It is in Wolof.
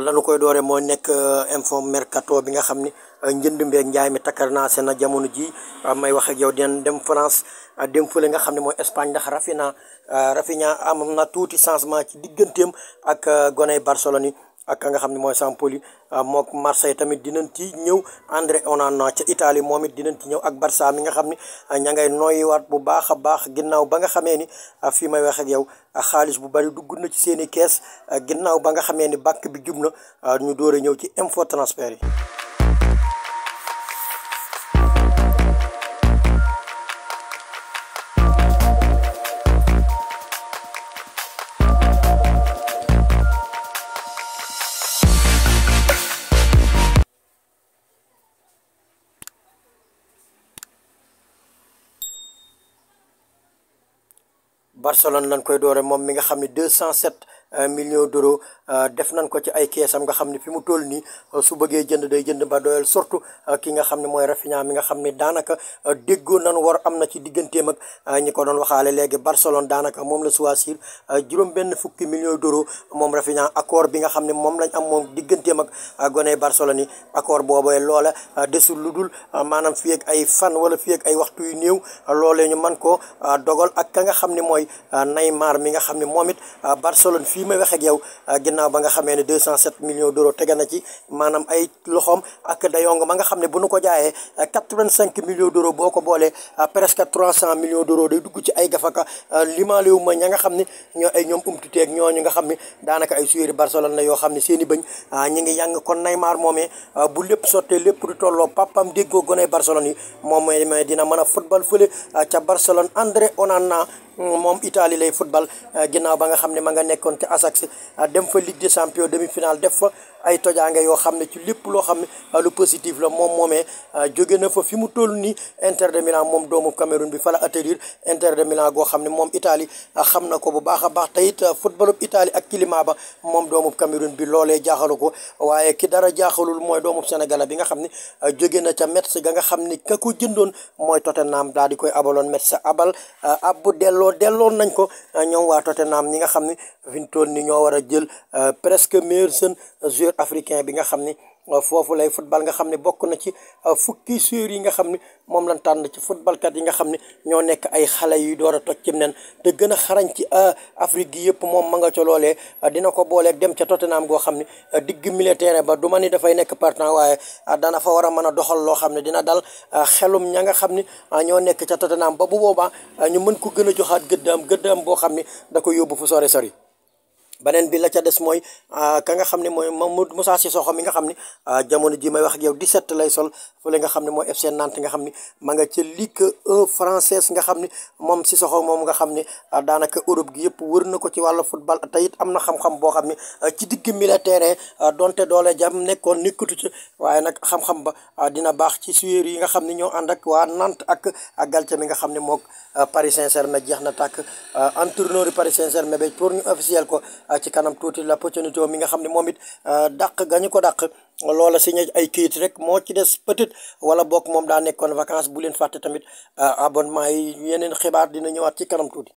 lanu koy doore moo nekk euh, info mercato bi nga xam ni euh, njënd mbeeg njaay mi takkar naa seen na jamono ji euh, may wax yow dinañ dem France dem fële nga xam ne mooy Espagne ndax Rafinha Rafinha am na tuuti changement ci digganteem ak goney Barcelone ak ka nga xam ne mooy Sampoli ah, mook Marseille tamit dinañ ci ñëw André Onana ci Italie moom it dinañ ci ñëw ak Barça mi nga xam ni ah, ña ngay noyyiwaat bu baax a baax ginnaaw ba nga xamee ni ah, fii may wax ak yow xaalis bu bari dugg na ci seen i kees ginnaaw ba nga xamee ni bàkk bi jub na ñu door ñëw ci info transfert yi. Barcelone lañ koy doore mom mi nga xam ne 207 millions d'euros euh, def nañ ko ci ay keesam nga xam ne fi mu toll nii euh, su bëggee jënd day jënd ba doyal surtout euh, ki nga xam ne mooy Rafinha mi nga xam ne daanaka déggoo nan war am na ci digganteem ak ñi ko doon waxaale léegi Barcelone daanaka moom la choisir juróom benn fukki millions d'euros moom Rafinha accord bi nga xam ne moom lañ am moom digganteem ak gone Barcelone yi accord boobee loola desul lu dul maanaam fii ak ay fan wala fii ak ay waxtu yu néew loolee ñu man ko dogal ak nga xam ne mooy Neymar mi nga xam ne moom it Barcelone fii may wax ak yow ah, ginnaaw ba nga xamee ne 207 millions d'euros tege na ci maanaam ay loxoom ak dayong ma nga xam ne bu nu ko jaayee 85 ah, millions d'euros boo ko boolee ah, presque cent millions d'euros day dugg ci ay gafaka limaalewu ma ña nga xam ni ñoo ay ñoom umtiteeg ñooñu nga xam ne daanaka ay suyéri Barcelone la yoo xam ne seen i bañ ñi ngi yàng kon Neymar moomee bu lépp sottee lépp du tolloo papam déggoo gone Barcelone yi moom mooy dina mën a football fële ca Barcelone André Onana Mm, moom itali lay football euh, ginnaaw ba nga xam ne ma nga nekkoon ca Ajax euh, dem fa Ligue des Champions demi-finale def fa ay tojaange yoo xam ne ci lépp loo xam ne euh, lu positif la moom moomee jóge na fa fi mu toll nii Inter moom doomu Cameroun bi fa la atterrir Inter de goo xam ne moom Italie xam na ko bu baax a baax te it footballu Italie ak climat ba moom doomu Cameroun bi loolee jaaxalu ko waaye ki dara jaaxalul mooy doomu Sénégal bi nga xam ne jóge na ca Metz ga nga xam ne ka ko jëndoon mooy Tottenham daal di koy abaloon Metz abal ab dell delloo delloon nañ ko ñoom waa Tottenham ni nga xam ne fi ñu ni ñoo war a jël euh, presque meilleur jeune joueur africain bi nga xam ni foofu lay football nga xam ne bokk na ci euh, fukki joueurs yi nga xam ne moom lañ tànn ci footballkat yi nga xam ne ñoo nekk ay xale yuy door a toj ci nen te gën a xarañ ci euh, Afrique gi yëpp moom ma nga ca loolee euh, dina ko booleeg dem ca Tottenham goo xam ne digg militaire ba du ma ni dafay nekk partant waaye dana fa war a mën a doxal loo xam ne dina dal xelum ña nga xam ni ñoo nekk ca Tottenham ba bu boobaa ñu mën ko gën a joxaat gëddaam gëddaam boo xam ne da ko yóbbu fu sore sori beneen bi la ca des mooy ah, ka nga xam ne mooy Mamadou Moussa Sissoko mi nga xam ne ah, jamono ji may wax ak yow 17 lay sol fële nga xam ne mooy FC Nantes nga xam ne ma nga ca Ligue 1 française nga xam ne moom Sissoko moom nga xam ne ah, daanaka Europe gi yëpp wër na ko ci wàllu football te am na xam-xam boo xam ne ci digg militaire donte doole jam nekkoon nekkutu ci waaye nag xam-xam ba dina baax ci suyeer yi nga xam ni ñoo ànd ak waa Nantes ak Galtier mi nga xam ne mook Paris Saint-Germain jeex na tàkk entraîneur Paris Saint-Germain ba pour ñu officiel ko ci kanam tuuti la Pochettino mi nga xam ne moom it euh, dàq gañu ko dàq loola si signé a kayit rek moo ci des peut-être wala bokk moom daa nekkoon vacances bu leen fàtte tamit euh, abonnement yi yeneen xibaar dina ñëwaat ci kanam tuuti